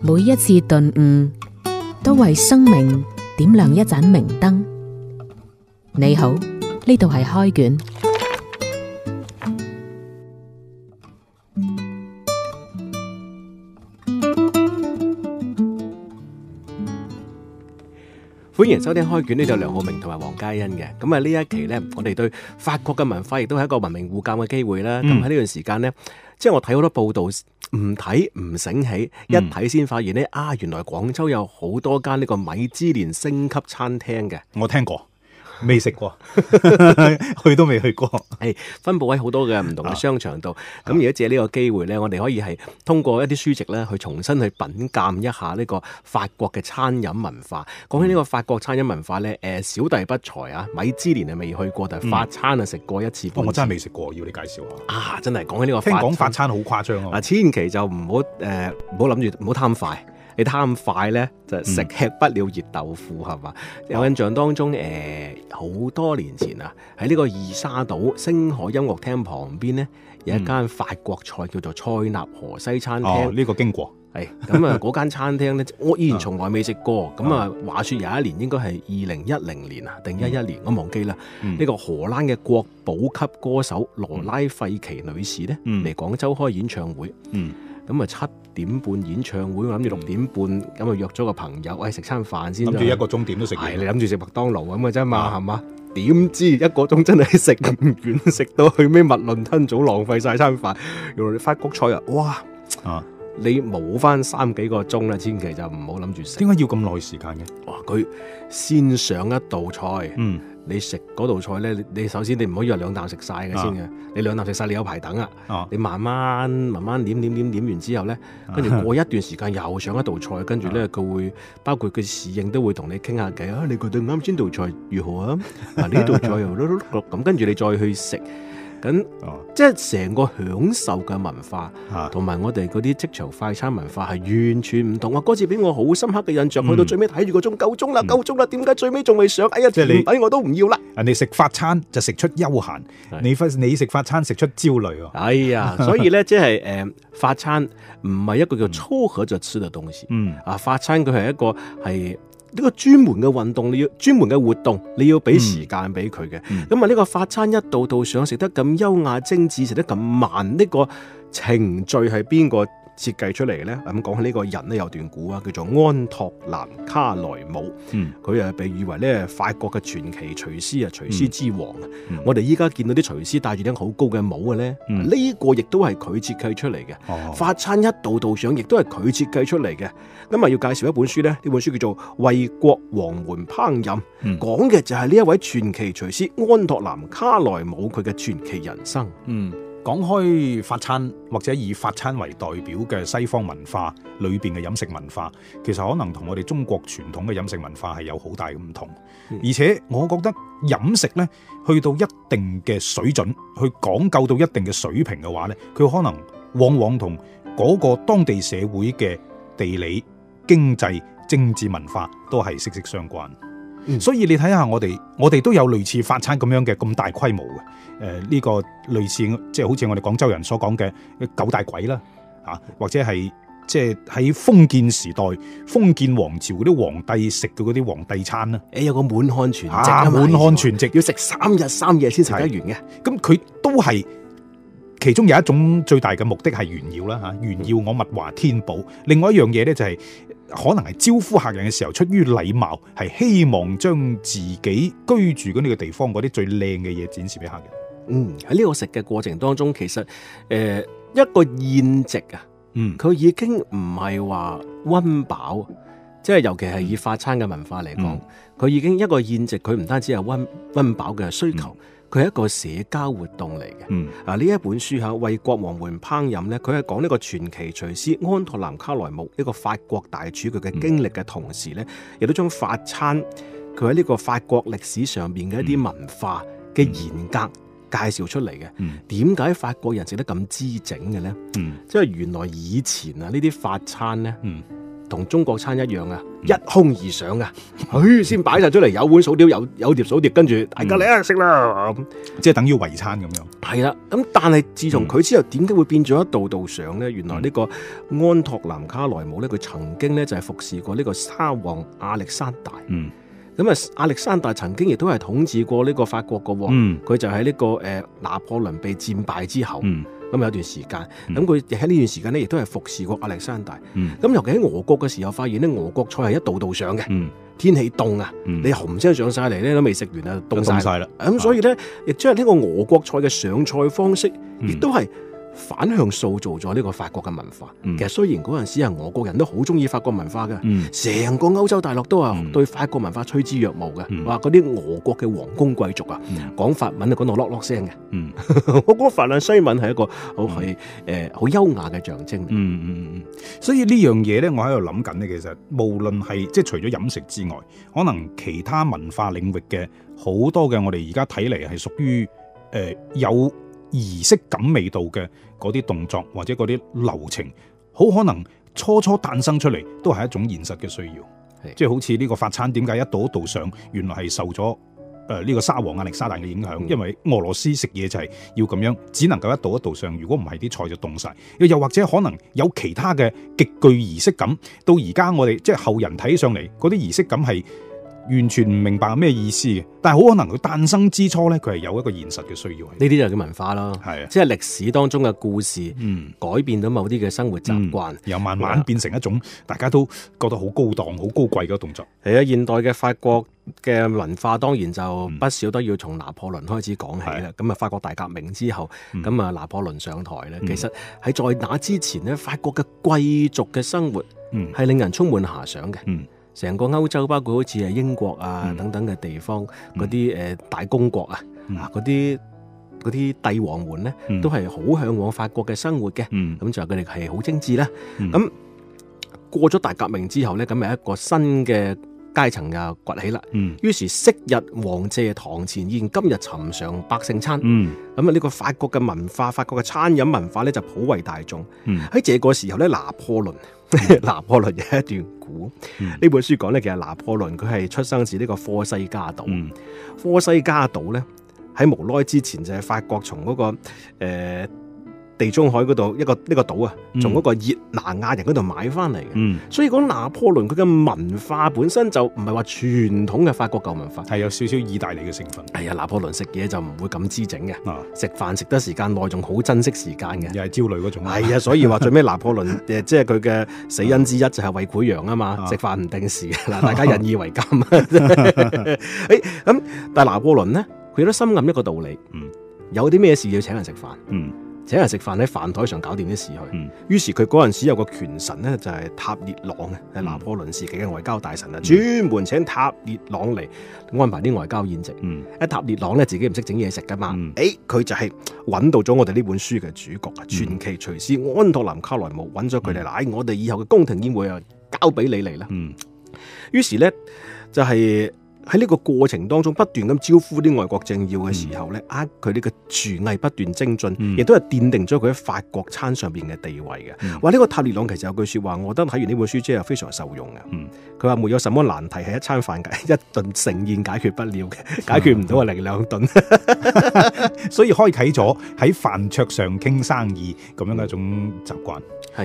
每一次頓悟，都為生命點亮一盞明燈。你好，呢度係開卷。歡迎收聽開卷，呢度係梁浩明同埋黃嘉欣嘅。咁啊，呢一期咧，我哋對法國嘅文化亦都係一個文明互鑒嘅機會啦。咁喺呢段時間咧，即係我睇好多報道。唔睇唔醒起，一睇先發現咧、嗯、啊！原來廣州有好多間呢個米芝蓮星級餐廳嘅，我聽過。未食過， 去都未去過。誒、 哎，分佈喺好多嘅唔同嘅商場度。咁而家借呢個機會咧，我哋可以係通過一啲書籍咧，去重新去品鑑一下呢個法國嘅餐飲文化。講起呢個法國餐飲文化咧，誒、呃，小弟不才啊，米芝蓮係未去過，但係法餐啊食過一次。我真係未食過，要你介紹下。啊，真係講起呢個，法，聽講法餐好誇張啊！千祈就唔好誒，唔好諗住，唔好貪快。你貪快呢，就食、是、吃，吃不了熱豆腐係嘛？嗯、吧有印象當中，誒、呃、好多年前啊，喺呢個二沙島星海音樂廳旁邊呢，嗯、有一間法國菜叫做塞納河西餐廳。呢、哦這個經過係咁啊！嗰間餐廳呢， 我依然從來未食過。咁啊，話説有一年應該係二零一零年啊，定一一年，年嗯、我忘記啦。呢、嗯、個荷蘭嘅國寶級歌手羅拉費奇女士呢，嚟、嗯、廣州開演唱會。嗯。咁啊七點半演唱會，諗住六點半，咁啊約咗個朋友，喂食餐飯先。諗住一個鐘點都食完，哎、你諗住食麥當勞咁啊啫嘛，係嘛的？點知一個鐘真係食唔完，食到去咩物論吞，早浪費晒餐飯。原來你法國菜啊！哇，啊，你冇翻三幾個鐘咧，千祈就唔好諗住食。點解要咁耐時間嘅？哇！佢先上一道菜，嗯。你食嗰道菜咧，你首先你唔可以話兩啖食晒嘅先嘅，uh, 你兩啖食晒，你有排等啊，uh, 你慢慢慢慢點點點點完之後咧，跟住過一段時間又上一道菜，跟住咧佢會包括佢侍應都會同你傾下偈啊，你覺得啱先道菜如何啊？嗱呢、 啊、道菜又碌碌碌咁，跟住你再去食。咁即係成個享受嘅文化，同埋我哋嗰啲職場快餐文化係完全唔同。我嗰次俾我好深刻嘅印象，去到最尾睇住個鐘，夠鐘啦，夠鐘啦，點解最尾仲未上？哎呀，甜品我都唔要啦。人哋食法餐就食出休閒，你你食法餐食出焦慮！哎呀，所以咧，即係誒，法餐唔係一個叫粗口就吃嘅東西。嗯，啊，法餐佢係一個係。呢個專門嘅運動，你要專門嘅活動，你要俾時間俾佢嘅。咁啊、嗯，呢個法餐一道道上食得咁優雅精緻，食得咁慢，呢、這個程序係邊個設計出嚟嘅咧，咁講起呢個人咧有段古啊，叫做安托南卡萊姆。嗯，佢啊被譽為咧法國嘅傳奇廚師啊，廚師之王。嗯、我哋依家見到啲廚師戴住頂好高嘅帽嘅咧，呢、嗯、個亦都係佢設計出嚟嘅。法餐、哦、一道道上，亦都係佢設計出嚟嘅。咁啊，要介紹一本書咧，呢本書叫做《為國王們烹飪》，嗯、講嘅就係呢一位傳奇廚師安托南卡萊姆佢嘅傳奇人生。嗯。講開法餐或者以法餐為代表嘅西方文化裏邊嘅飲食文化，其實可能同我哋中國傳統嘅飲食文化係有好大嘅唔同。而且我覺得飲食呢，去到一定嘅水準，去講究到一定嘅水平嘅話呢，佢可能往往同嗰個當地社會嘅地理、經濟、政治、文化都係息息相關。嗯、所以你睇下我哋，我哋都有類似法餐咁樣嘅咁大規模嘅，誒、呃、呢、呢個類似即係、就是、好似我哋廣州人所講嘅九大鬼啦，啊或者係即係喺封建時代、封建皇朝嗰啲皇帝食嘅嗰啲皇帝餐啦，誒、欸、有個滿漢全席，啊，滿漢全席啊，滿漢全席要食三日三夜先食得完嘅，咁佢都係。其中有一種最大嘅目的係炫耀啦嚇、啊，炫耀我物華天寶。另外一樣嘢咧就係、是、可能係招呼客人嘅時候，出於禮貌，係希望將自己居住嗰呢個地方嗰啲最靚嘅嘢展示俾客人。嗯，喺呢個食嘅過程當中，其實誒、呃、一個宴席啊，嗯，佢已經唔係話温飽，即係尤其係以法餐嘅文化嚟講，佢、嗯、已經一個宴席，佢唔單止係温温飽嘅需求。嗯佢係一個社交活動嚟嘅，嗱呢一本書嚇，為國王們烹飪咧，佢係講呢個傳奇廚師安托蘭卡萊木，一個法國大廚，佢嘅經歷嘅同時咧，亦、嗯、都將法餐佢喺呢個法國歷史上邊嘅一啲文化嘅嚴格、嗯、介紹出嚟嘅。點解、嗯、法國人食得咁滋整嘅咧？嗯，即係原來以前啊，呢啲法餐咧。嗯同中國餐一樣啊，一哄而上嘅，啊，先擺晒出嚟，有碗，數碟，有有碟，數碟，跟住大家嚟啊，食啦、嗯、 即係等於圍餐咁樣。係啦，咁但係自從佢之後，點解、嗯、會變咗一道道上呢？原來呢個安托南卡萊姆呢，佢曾經呢就係服侍過呢個沙皇亞歷山大。嗯，咁啊，亞歷山大曾經亦都係統治過呢個法國噶。嗯，佢就喺呢、這個誒、呃、拿破崙被戰敗之後。嗯咁有一段時間，咁佢喺呢段時間咧，亦都係服侍過亞歷山大。咁、嗯、尤其喺俄國嘅時候，發現咧俄國菜係一道道上嘅，嗯、天氣凍啊，嗯、你紅椒上晒嚟咧都未食完啊，凍晒晒啦。咁所以咧，亦即係呢個俄國菜嘅上菜方式，亦、嗯、都係。反向塑造咗呢個法國嘅文化，嗯、其實雖然嗰陣時係俄國人都好中意法國文化嘅，成、嗯、個歐洲大陸都話對法國文化趨之若鶩嘅，哇、嗯！嗰啲俄國嘅王公貴族啊，講、嗯、法文啊講到落落聲嘅，嗯、 我覺得法蘭西文係一個好係誒好優雅嘅象徵。嗯嗯嗯，所以呢樣嘢咧，我喺度諗緊咧，其實無論係即係除咗飲食之外，可能其他文化領域嘅好多嘅我哋而家睇嚟係屬於誒有。有呃有呃儀式感味道嘅嗰啲動作或者嗰啲流程，好可能初初誕生出嚟都係一種現實嘅需要，的即係好似呢個法餐點解一度一度上，原來係受咗誒呢個沙皇亞歷山大嘅影響，嗯、因為俄羅斯食嘢就係要咁樣，只能夠一度一度上，如果唔係啲菜就凍晒。又又或者可能有其他嘅極具儀式感，到而家我哋即係後人睇上嚟嗰啲儀式感係，完全唔明白咩意思嘅，但係好可能佢誕生之初呢，佢係有一個現實嘅需要。呢啲就叫文化啦，即係歷史當中嘅故事，嗯，改變到某啲嘅生活習慣，又、嗯、慢慢變成一種大家都覺得好高檔、好高貴嘅動作。係啊，現代嘅法國嘅文化當然就不少都要從拿破崙開始講起啦。咁啊，法國大革命之後，咁啊、嗯，拿破崙上台咧，嗯、其實喺在那之前咧，法國嘅貴族嘅生活，嗯，係令人充滿遐想嘅，嗯。成個歐洲包括好似係英國啊、嗯、等等嘅地方，嗰啲誒大公國啊，嗰啲嗰啲帝王們咧，都係好向往法國嘅生活嘅，咁、嗯、就佢哋係好精緻啦。咁、嗯、過咗大革命之後咧，咁係一個新嘅階層又崛起啦，於、嗯、是昔日王謝堂前燕，今日尋常百姓餐。咁啊、嗯，呢個法國嘅文化，法國嘅餐飲文化咧就普惠大眾。喺、嗯、這個時候咧，拿破崙， 拿破崙有一段古。呢、嗯、本書講咧，其實拿破崙佢係出生自呢個科西嘉島。嗯、科西嘉島咧喺無耐之前就係法國從嗰、嗰個誒。呃地中海嗰度一個呢個島啊，從嗰個熱那亞人嗰度買翻嚟嘅，所以講拿破崙佢嘅文化本身就唔係話傳統嘅法國舊文化，係有少少意大利嘅成分。係啊，拿破崙食嘢就唔會咁滋整嘅，食飯食得時間內仲好珍惜時間嘅，又係焦慮嗰種。係啊，所以話最尾拿破崙誒，即係佢嘅死因之一就係胃潰瘍啊嘛，食飯唔定時嗱，大家引以為鑑。哎，咁但係拿破崙呢，佢都深諳一個道理，有啲咩事要請人食飯。請人食飯喺飯台上搞掂啲事去，於、嗯、是佢嗰陣時有個權臣咧就係塔列朗嘅，係拿破崙時期嘅外交大臣啊，專、嗯、門請塔列朗嚟安排啲外交宴席。一、嗯、塔列朗咧自己唔識整嘢食噶嘛，誒佢、嗯欸、就係揾到咗我哋呢本書嘅主角啊，傳奇廚師安托南卡萊姆，揾咗佢哋，唉、嗯哎、我哋以後嘅宮廷宴會啊，交俾你嚟啦。於、嗯、是咧就係、是就是。喺呢個過程當中不斷咁招呼啲外國政要嘅時候咧，呃佢呢個廚藝不斷精進，亦都係奠定咗佢喺法國餐上邊嘅地位嘅。話呢、嗯呢個塔列朗其實有句説話，我覺得睇完呢本書之後非常受用嘅。佢話、嗯、沒有什麼難題係一餐飯一頓盛宴解決不了嘅，解決唔到嘅零兩頓，嗯、 所以開啟咗喺飯桌上傾生意咁樣嘅一種習慣。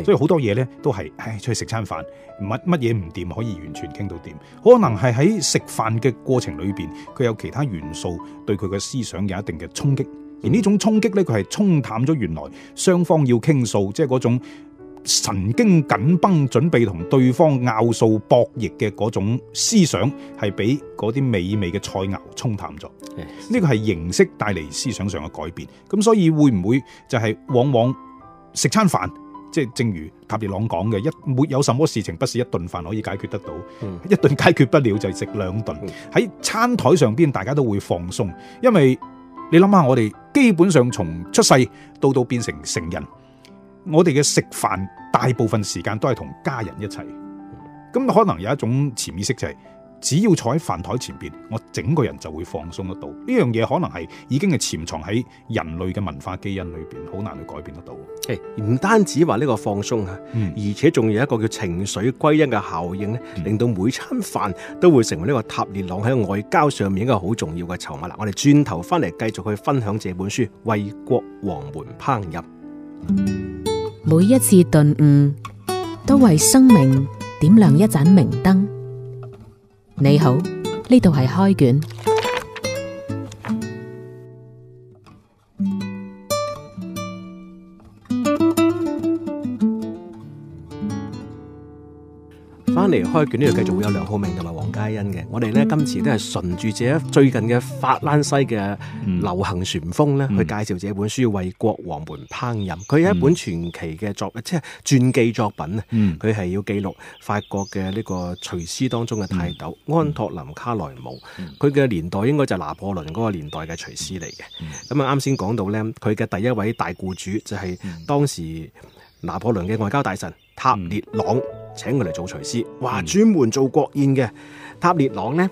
所以好多嘢呢都係，唉，出去食餐飯，乜乜嘢唔掂可以完全傾到掂，可能係喺食飯嘅過程裏邊，佢有其他元素對佢嘅思想有一定嘅衝擊，而呢種衝擊呢，佢係沖淡咗原來雙方要傾訴，即係嗰種神經緊繃，準備同對方拗數博弈嘅嗰種思想，係俾嗰啲美味嘅菜餚沖淡咗。呢個係形式帶嚟思想上嘅改變，咁所以會唔會就係往往食餐飯？即係正如塔列朗講嘅，一沒有什麼事情不是一頓飯可以解決得到。嗯、一頓解決不了就食兩頓。喺、嗯、餐台上邊，大家都會放鬆，因為你諗下，我哋基本上從出世到到變成成人，我哋嘅食飯大部分時間都係同家人一齊。咁可能有一種潛意識就係、是。只要坐喺飯台前邊，我整個人就會放鬆得到。呢樣嘢可能係已經係潛藏喺人類嘅文化基因裏邊，好難去改變得到。唔、hey, 單止話呢個放鬆啊，嗯、而且仲有一個叫情緒歸因嘅效應咧，嗯、令到每餐飯都會成為呢個塔列朗喺外交上面一個好重要嘅籌碼啦。我哋轉頭翻嚟繼續去分享這本書《為國王們烹飪》，每一次頓悟都為生命點亮一盞明燈。你好，呢度係開卷。翻嚟開卷呢度繼續會有梁浩明同埋黃嘉欣嘅，我哋呢今次都係順住這最近嘅法蘭西嘅流行旋風呢，嗯、去介紹這本書《為國王們烹飪》。佢有一本傳奇嘅作，即係傳記作品。佢係要記錄法國嘅呢個廚師當中嘅泰斗安托林卡萊姆。佢嘅年代應該就係拿破崙嗰個年代嘅廚師嚟嘅。咁啊，啱先講到呢，佢嘅第一位大僱主就係當時拿破崙嘅外交大臣塔列朗。請佢嚟做廚師，話專門做國宴嘅。塔列朗咧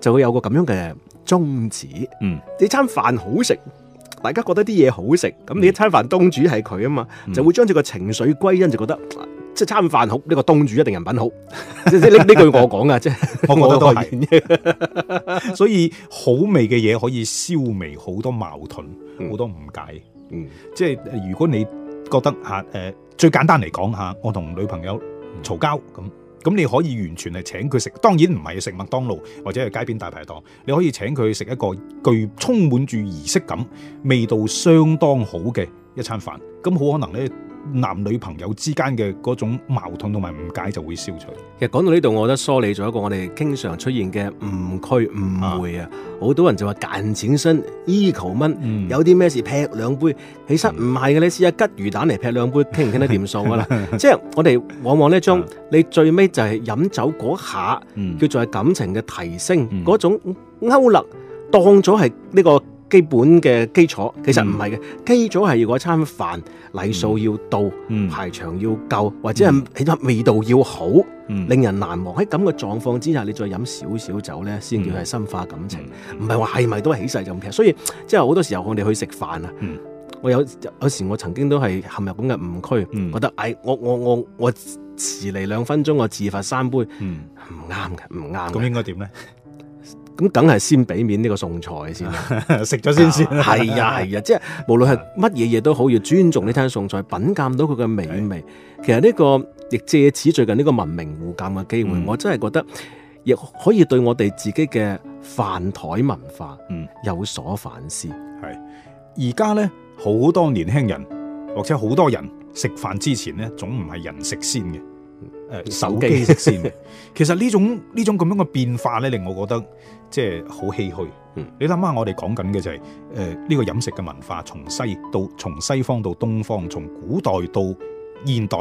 就會有個咁樣嘅宗旨，嗯，你餐飯好食，大家覺得啲嘢好食，咁、嗯嗯嗯、你一餐飯東主係佢啊嘛，就會將住個情緒歸因，就覺得即係餐飯好呢，這個東主一定人品好。即係呢呢句我講啊，即係 我覺得都係。所以 好味嘅嘢可以消弭好多矛盾，好、嗯、多誤解。嗯，即係、嗯、如果你覺得吓誒、呃、最簡單嚟講吓，我同女朋友。嘈交咁，咁你可以完全係請佢食，當然唔係食麥當勞或者係街邊大排檔，你可以請佢食一個具充滿住儀式感、味道相當好嘅一餐飯，咁好可能呢。男女朋友之間嘅嗰種矛盾同埋誤解就會消除。其實講到呢度，我覺得梳理咗一個我哋經常出現嘅誤區誤會啊！好多人就話揀錢身，equal 蚊，嗯、有啲咩事劈兩杯，其實唔係嘅，你試下吉魚蛋嚟劈兩杯，傾唔傾得掂數噶啦。 即係我哋往往咧將、啊、你最尾就係飲酒嗰下，叫做係感情嘅提升嗰、嗯嗯、種勾勒，當咗係呢個。基本嘅基礎其實唔係嘅，嗯、基礎係要嗰餐飯禮數要到，嗯、排場要夠，或者係味道要好，嗯、令人難忘。喺咁嘅狀況之下，你再飲少少酒咧，先叫係深化感情，唔係話係咪都起曬陣劇。所以即係好多時候我哋去食飯啊，嗯、我有有時我曾經都係陷入咁嘅誤區，覺、嗯、得誒我我我我遲嚟兩分鐘，我自罰三杯，唔啱嘅，唔啱。咁應該點呢？ 咁梗係先俾面呢個餸菜先、啊，食咗 先先啦、啊。係啊係啊，啊，啊，即係無論係乜嘢嘢都好，要尊重呢餐餸菜，啊、品鑒到佢嘅美味。啊、其實呢、這個亦借此最近呢個文明互鑒嘅機會，嗯、我真係覺得亦可以對我哋自己嘅飯台文化，嗯，有所反思。係而家咧，啊、呢好，好多年輕人或者好多人食飯之前咧，總唔係人食先嘅。誒，手機食先，其實呢種呢種咁樣嘅變化咧，令我覺得即係好唏噓。嗯，你諗下、就是，我哋講緊嘅就係誒呢個飲食嘅文化，從西到從西方到東方，從古代到現代，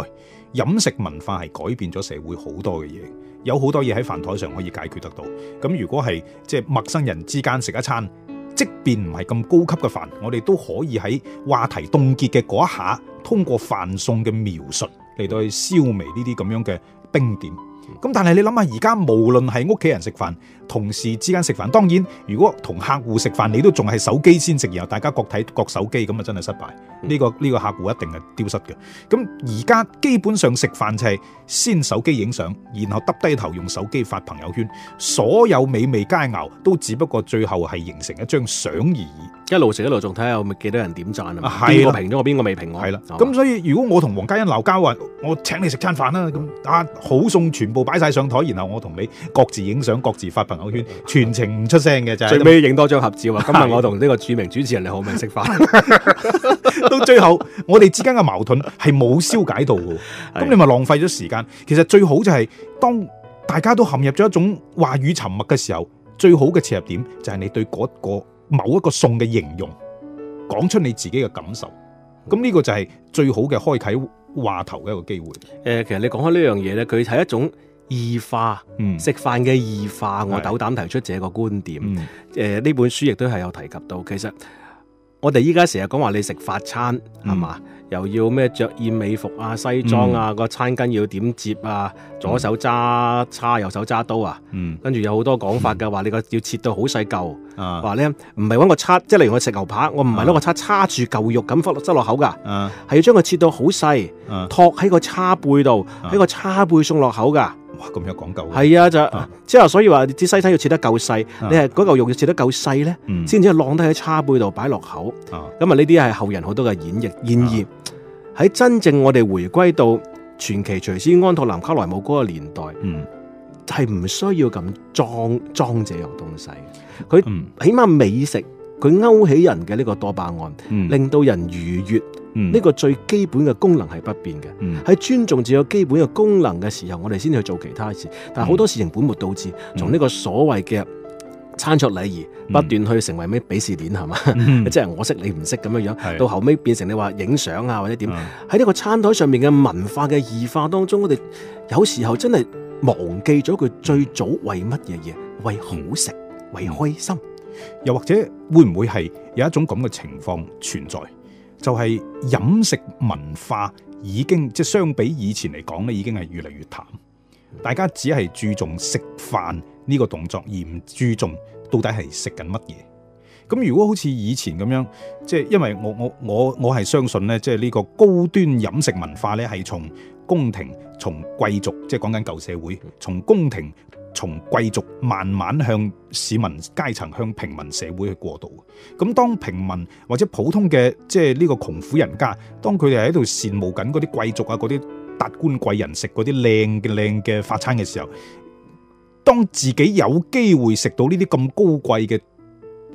飲食文化係改變咗社會好多嘅嘢。有好多嘢喺飯枱，上可以解決得到。咁如果係即係陌生人之間食一餐，即便唔係咁高級嘅飯，我哋都可以喺話題凍結嘅嗰一下，通過飯餸嘅描述，嚟到去消弭呢啲咁樣嘅冰點。咁但係你諗下，而家無論係屋企人食飯、同事之間食飯，當然如果同客戶食飯，你都仲係手機先食，然後大家各睇各手機，咁啊真係失敗。呢、嗯這個呢、這個客戶一定係丟失嘅。咁而家基本上食飯就係先手機影相，然後耷低頭用手機發朋友圈，所有美味佳餚都只不過最後係形成一張相而已。一路食一路仲睇下有咪幾多人點讚啊？邊個評咗我邊個未評我，我？係啦，咁所以如果我同黃嘉欣鬧交話，我請你食餐飯啦。咁啊好送全。全部擺晒上台，然後我同你各自影相，各自發朋友圈，全程唔出聲嘅、啊、就係、是、最尾影多張合照啊！是的 今日我同呢個著名主持人你好唔好食飯？ 到最後 我哋之間嘅矛盾係冇消解到嘅，咁是的 你咪浪費咗時間。其實最好就係、是、當大家都陷入咗一種話語沉默嘅時候，最好嘅切入點就係你對嗰個某一個餸嘅形容，講出你自己嘅感受。咁呢個就係最好嘅開啟。話頭嘅一個機會。誒、呃，其實你講開呢樣嘢咧，佢係一種異化，嗯、食飯嘅異化。嗯、我斗膽提出這個觀點。誒、嗯，呢、呃、本書亦都係有提及到，其實我哋依家成日講話你食法餐，係嘛、嗯？又要咩着燕尾服啊、西裝啊，個、嗯、餐巾要點折啊？嗯、左手揸叉，右手揸刀啊？嗯，跟住有好多講法嘅，話、嗯、你個要切到好細嚿，話咧唔係揾個叉，即係例如我食牛排，我唔係攞個叉、嗯、叉住嚿肉咁塞落塞落口噶，係、嗯、要將佢切到好細，嗯、托喺個叉背度，喺個叉背送落口噶。哇，咁有講究！係啊，就之後所以話啲西餐要切得夠細，你係嗰嚿肉要切得夠細咧，先至係晾得喺叉背度擺落口。咁啊，呢啲係後人好多嘅演繹。然而喺真正我哋回歸到傳奇廚師安托南卡萊姆嗰個年代，係唔需要咁裝裝這樣東西。佢起碼美食，佢勾起人嘅呢個多巴胺，嗯、令到人愉悅。呢、嗯、個最基本嘅功能係不變嘅。喺、嗯、尊重住個基本嘅功能嘅時候，我哋先去做其他事。但係好多事情本末倒置，從呢個所謂嘅餐桌禮儀不斷去成為咩鄙視鏈係嘛？即係、嗯、 我識你唔識咁樣樣，嗯、到後尾變成你話影相啊或者點？喺呢、嗯、個餐台上面嘅文化嘅異化當中，我哋有時候真係忘記咗佢最早為乜嘢嘢，為好食，為開心。又或者會唔會係有一種咁嘅情況存在，就係飲食文化已經即相比以前嚟講咧，已經係越嚟越淡，大家只係注重食飯呢個動作，而唔注重到底係食緊乜嘢。咁如果好似以前咁樣，即係因為我我我我係相信呢，即係呢個高端飲食文化呢，係從宮廷、從貴族，即係講緊舊社會，從宮廷。從貴族慢慢向市民階層，向平民社會去過渡。咁當平民或者普通嘅即係呢個窮苦人家，當佢哋喺度羨慕緊嗰啲貴族啊、嗰啲達官貴人食嗰啲靚嘅靚嘅法餐嘅時候，當自己有機會食到呢啲咁高貴嘅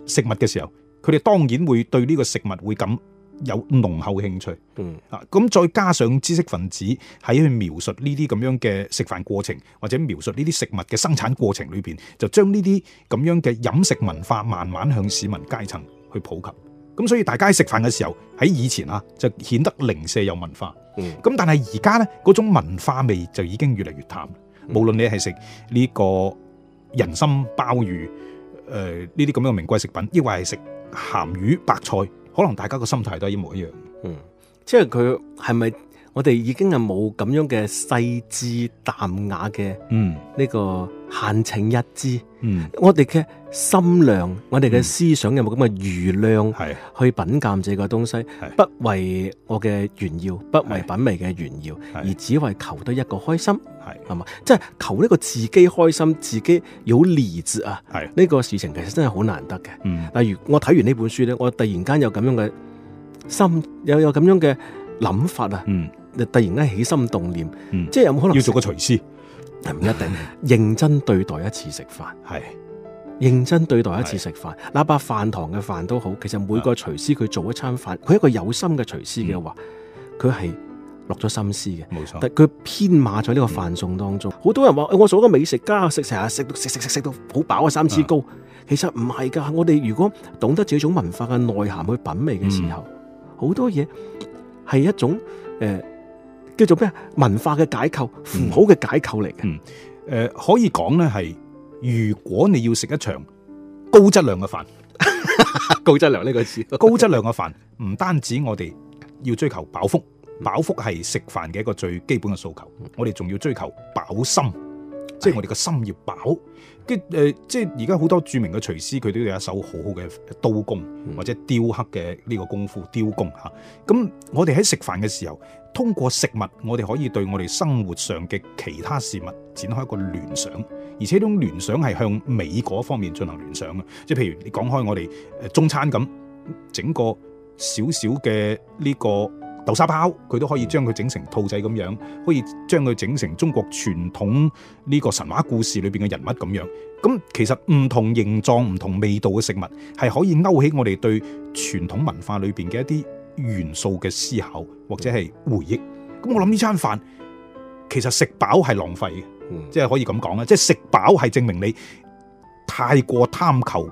食物嘅時候，佢哋當然會對呢個食物會咁。有濃厚興趣，嗯啊，咁再加上知識分子喺去描述呢啲咁樣嘅食飯過程，或者描述呢啲食物嘅生產過程裏邊，就將呢啲咁樣嘅飲食文化慢慢向市民階層去普及。咁、啊、所以大家食飯嘅時候，喺以前啊，就顯得零舍有文化，嗯、啊。咁但係而家呢，嗰種文化味就已經越嚟越淡。無論你係食呢個人參鮑魚，誒呢啲咁樣嘅名貴食品，亦或係食鹹魚白菜。可能大家個心態都係一模一樣，嗯，即係佢係咪我哋已經係冇咁樣嘅細緻淡雅嘅，嗯，呢個，閒情逸致，嗯，我哋嘅心量，我哋嘅思想有冇咁嘅餘量，係、嗯嗯、去品鑒這個東西，是不為我嘅炫耀，不為品味嘅炫耀，是而只為求得一個開心，係係嘛，即係、就是、求呢個自己開心，自己有勵志啊，係呢是個事情其實真係好難得嘅，例如我睇完呢本書咧，我突然間有咁樣嘅心，有有咁樣嘅諗法啊，嗯，突然間起心動念，即係、嗯就是、有冇可能，可能要做個廚師？唔一定認真對待一次食飯，係是認真對待一次食飯。哪怕飯堂嘅飯都好，其實每個廚師佢做一餐飯，佢的一個有心嘅廚師嘅話，佢係落咗心思嘅。冇錯錯，但佢編碼咗呢個飯 𩠌 當中，好、嗯、多人話：我做一個美食家，食成日食到食食食食到好飽啊，三脂高。的」其實唔係噶，我哋如果懂得住呢種文化嘅內涵去品味嘅時候，好、嗯、多嘢係一種誒。呃呃叫做咩？文化嘅解構，符、嗯、好嘅解構嚟嘅。誒、嗯呃，可以講咧，係如果你要食一場高質量嘅飯， 高質量呢個詞，高質量嘅飯唔單止我哋要追求飽腹，飽腹係食飯嘅一個最基本嘅訴求。我哋仲要追求飽心，即係的我哋個心要飽。跟、呃、誒，即係而家好多著名嘅廚師，佢都有一手好好嘅刀工或者雕刻嘅呢個功夫雕工吓。咁、啊、我哋喺食飯嘅時候。通過食物，我哋可以對我哋生活上嘅其他事物展開一個聯想，而且呢種聯想係向美嗰方面進行聯想嘅。即係譬如你講開我哋誒中餐咁，整個少少嘅呢個豆沙包，佢都可以將佢整成兔仔咁樣，可以將佢整成中國傳統呢個神話故事裏邊嘅人物咁樣。咁其實唔同形狀、唔同味道嘅食物，係可以勾起我哋對傳統文化裏邊嘅一啲元素嘅思考或者係回憶，咁我諗呢餐飯其實食飽係浪費嘅，嗯，即係可以咁講啦，即係食飽係證明你太過貪求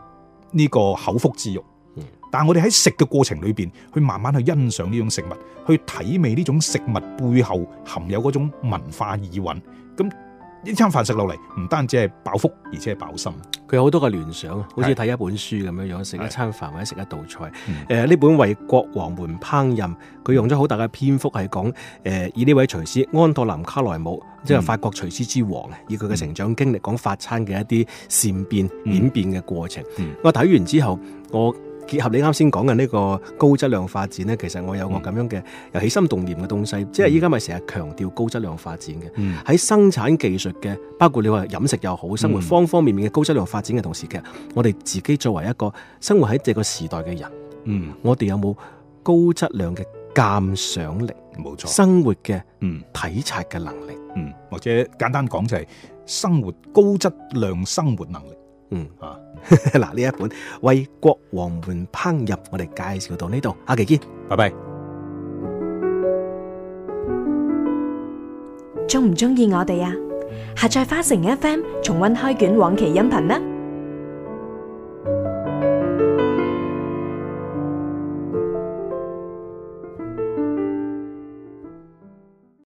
呢個口腹之欲，嗯，但係我哋喺食嘅過程裏邊，去慢慢去欣賞呢種食物，去體味呢種食物背後含有嗰種文化意蘊，咁。一餐飯食落嚟，唔單止係飽腹，而且係飽心。佢有好多嘅聯想，好似睇一本書咁樣樣，食是一餐飯或者食一道菜。誒、嗯，呢、呃、本《為國王們烹飪》，佢用咗好大嘅篇幅係講誒，以呢位廚師安托林卡萊姆，即係法國廚師之王，嗯、以佢嘅成長經歷講法餐嘅一啲善變、演變嘅過程。嗯嗯、我睇完之後，我。結合你啱先講嘅呢個高質量發展呢，其實我有個咁樣嘅又、嗯、起心動念嘅東西，即係依家咪成日強調高質量發展嘅。喺、嗯、生產技術嘅，包括你話飲食又好，生活方方面面嘅高質量發展嘅同時，其實、嗯、我哋自己作為一個生活喺這個時代嘅人，嗯，我哋有冇高質量嘅鑑賞力？冇錯，生活嘅嗯體察嘅能力，嗯，或者簡單講就係生活高質量生活能力。嗯啊，嗱呢 一本為國王們烹飪，我哋介紹到呢度，下期見，拜拜。鍾唔鍾意我哋啊？下載花城 FM，重温開卷往期音頻呢。